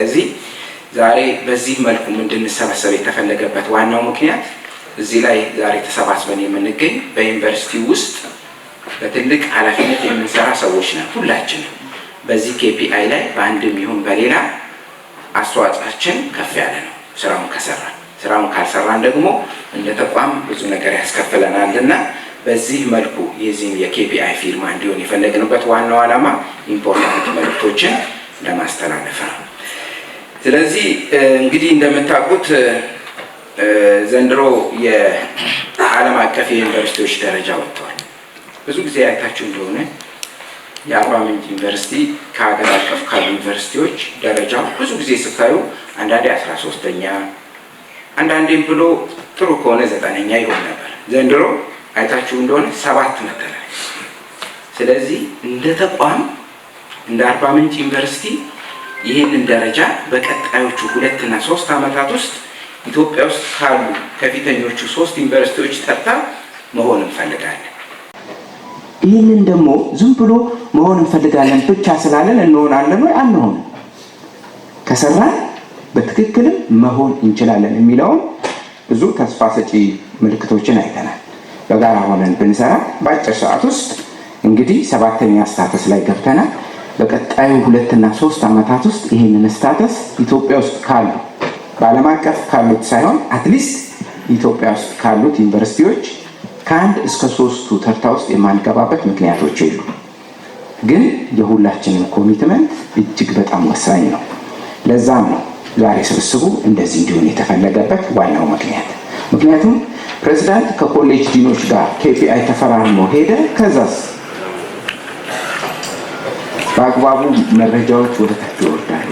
ስለዚህ ዛሬ በዚህ መልኩ እንድንሰበሰብ የተፈለገበት ዋናው ምክንያት እዚህ ላይ ዛሬ ተሰባስበን የምንገኝ በዩኒቨርሲቲ ውስጥ በትልቅ ኃላፊነት የምንሰራ ሰዎች ነን። ሁላችንም በዚህ ኬፒአይ ላይ በአንድም ይሁን በሌላ አስተዋጽኦአችን ከፍ ያለ ነው፣ ስራውን ከሰራን። ስራውን ካልሰራን ደግሞ እንደ ተቋም ብዙ ነገር ያስከፍለናል እና በዚህ መልኩ የዚህም የኬፒአይ ፊርማ እንዲሆን የፈለግንበት ዋናው ዓላማ ኢምፖርታንት መልእክቶችን ለማስተላለፍ ነው። ስለዚህ እንግዲህ እንደምታውቁት ዘንድሮ የዓለም አቀፍ የዩኒቨርሲቲዎች ደረጃ ወጥተዋል። ብዙ ጊዜ ያይታችሁ እንደሆነ የአርባ ምንጭ ዩኒቨርሲቲ ከሀገር አቀፍ ካሉ ዩኒቨርሲቲዎች ደረጃ ብዙ ጊዜ ስታዩ አንዳንዴ አስራ ሶስተኛ አንዳንዴም ብሎ ጥሩ ከሆነ ዘጠነኛ ይሆን ነበር። ዘንድሮ አይታችሁ እንደሆነ ሰባት መተናል። ስለዚህ እንደ ተቋም እንደ አርባ ምንጭ ዩኒቨርሲቲ ይህንን ደረጃ በቀጣዮቹ ሁለትና ሶስት ዓመታት ውስጥ ኢትዮጵያ ውስጥ ካሉ ከፊተኞቹ ሶስት ዩኒቨርሲቲዎች ጠርታ መሆን እንፈልጋለን። ይህንን ደግሞ ዝም ብሎ መሆን እንፈልጋለን ብቻ ስላለን እንሆናለን ወይ አንሆንም። ከሰራን በትክክልም መሆን እንችላለን የሚለውን ብዙ ተስፋ ሰጪ ምልክቶችን አይተናል። በጋራ ሆነን ብንሰራ በአጭር ሰዓት ውስጥ እንግዲህ ሰባተኛ ስታተስ ላይ ገብተናል። በቀጣዩ ሁለትና ሶስት ዓመታት ውስጥ ይህንን ስታተስ ኢትዮጵያ ውስጥ ካሉ በዓለም አቀፍ ካሉት ሳይሆን አትሊስት ኢትዮጵያ ውስጥ ካሉት ዩኒቨርሲቲዎች ከአንድ እስከ ሶስቱ ተርታ ውስጥ የማንገባበት ምክንያቶች የሉ። ግን የሁላችንም ኮሚትመንት እጅግ በጣም ወሳኝ ነው። ለዛም ነው ዛሬ ስብስቡ እንደዚህ እንዲሆን የተፈለገበት ዋናው ምክንያት። ምክንያቱም ፕሬዚዳንት ከኮሌጅ ዲኖች ጋር ኬፒአይ ተፈራርሞ ሄደ። ከዛስ በአግባቡ መረጃዎች ወደታች ይወርዳሉ።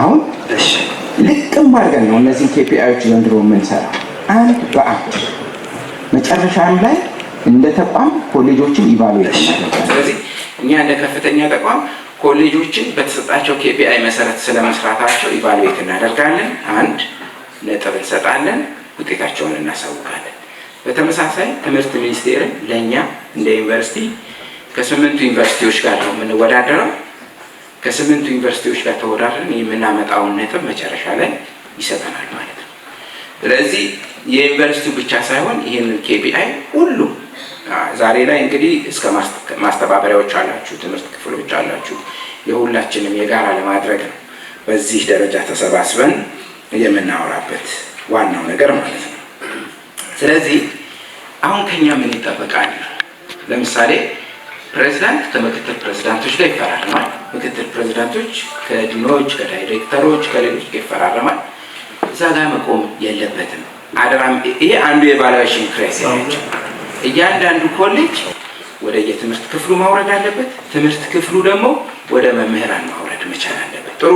አሁን ልቅም አድርገን ነው እነዚህ ኬፒአዮች ዘንድሮ የምንሰራ አንድ በአንድ መጨረሻም ላይ እንደ ተቋም ኮሌጆችን ኢቫሉዌት ስለዚህ እኛ እንደ ከፍተኛ ተቋም ኮሌጆችን በተሰጣቸው ኬፒአይ መሰረት ስለመስራታቸው ኢቫሉዌት እናደርጋለን። አንድ ነጥብ እንሰጣለን፣ ውጤታቸውን እናሳውቃለን። በተመሳሳይ ትምህርት ሚኒስቴርን ለእኛ እንደ ዩኒቨርሲቲ ከስምንቱ ዩኒቨርሲቲዎች ጋር ነው የምንወዳደረው። ከስምንቱ ዩኒቨርሲቲዎች ጋር ተወዳድረን የምናመጣውን ነጥብ መጨረሻ ላይ ይሰጠናል ማለት ነው። ስለዚህ የዩኒቨርሲቲው ብቻ ሳይሆን ይህንን ኬቢአይ ሁሉም ዛሬ ላይ እንግዲህ እስከ ማስተባበሪያዎች አላችሁ፣ ትምህርት ክፍሎች አላችሁ፣ የሁላችንም የጋራ ለማድረግ ነው በዚህ ደረጃ ተሰባስበን የምናወራበት ዋናው ነገር ማለት ነው። ስለዚህ አሁን ከኛ ምን ይጠበቃል? ለምሳሌ ፕሬዚዳንት ከምክትል ፕሬዚዳንቶች ጋር ይፈራረማል። ምክትል ፕሬዚዳንቶች ከዲኖች፣ ከዳይሬክተሮች፣ ከሌሎች ጋር ይፈራረማል። እዛ ጋር መቆም የለበትም። አደራም ይሄ አንዱ የቫሉዌሽን ክራይሲስ ናቸው። እያንዳንዱ ኮሌጅ ወደ የትምህርት ክፍሉ ማውረድ አለበት። ትምህርት ክፍሉ ደግሞ ወደ መምህራን ማውረድ መቻል አለበት። ጥሩ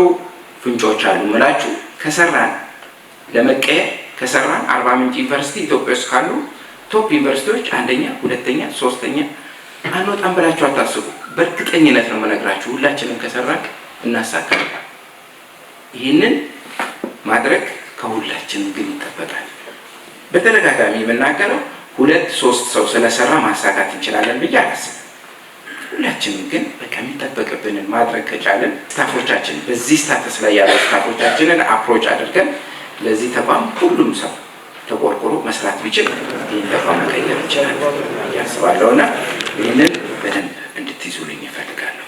ፍንጮች አሉ ምላችሁ ከሰራን ለመቀየር ከሰራን አርባ ምንጭ ዩኒቨርሲቲ ኢትዮጵያ ውስጥ ካሉ ቶፕ ዩኒቨርሲቲዎች አንደኛ፣ ሁለተኛ፣ ሶስተኛ አንወጣም ብላችሁ አታስቡ። በእርግጠኝነት ነው መነግራችሁ፣ ሁላችንም ከሰራክ እናሳካለን። ይህንን ማድረግ ከሁላችንም ግን ይጠበቃል። በተደጋጋሚ የምናገረው ሁለት ሶስት ሰው ስለሰራ ማሳካት እንችላለን ብዬ አላስብም። ሁላችንም ግን በቃ ማድረግ ከቻለን ስታፎቻችን በዚህ ስታተስ ላይ ያለው ስታፎቻችንን አፕሮች አድርገን ለዚህ ተቋም ሁሉም ሰው ተቆርቆሮ መስራት ቢችል ይህን ተቋም መቀየር እንችላለን እያስባለሁ እና ይህንን በደንብ እንድትይዙልኝ ይፈልጋለሁ።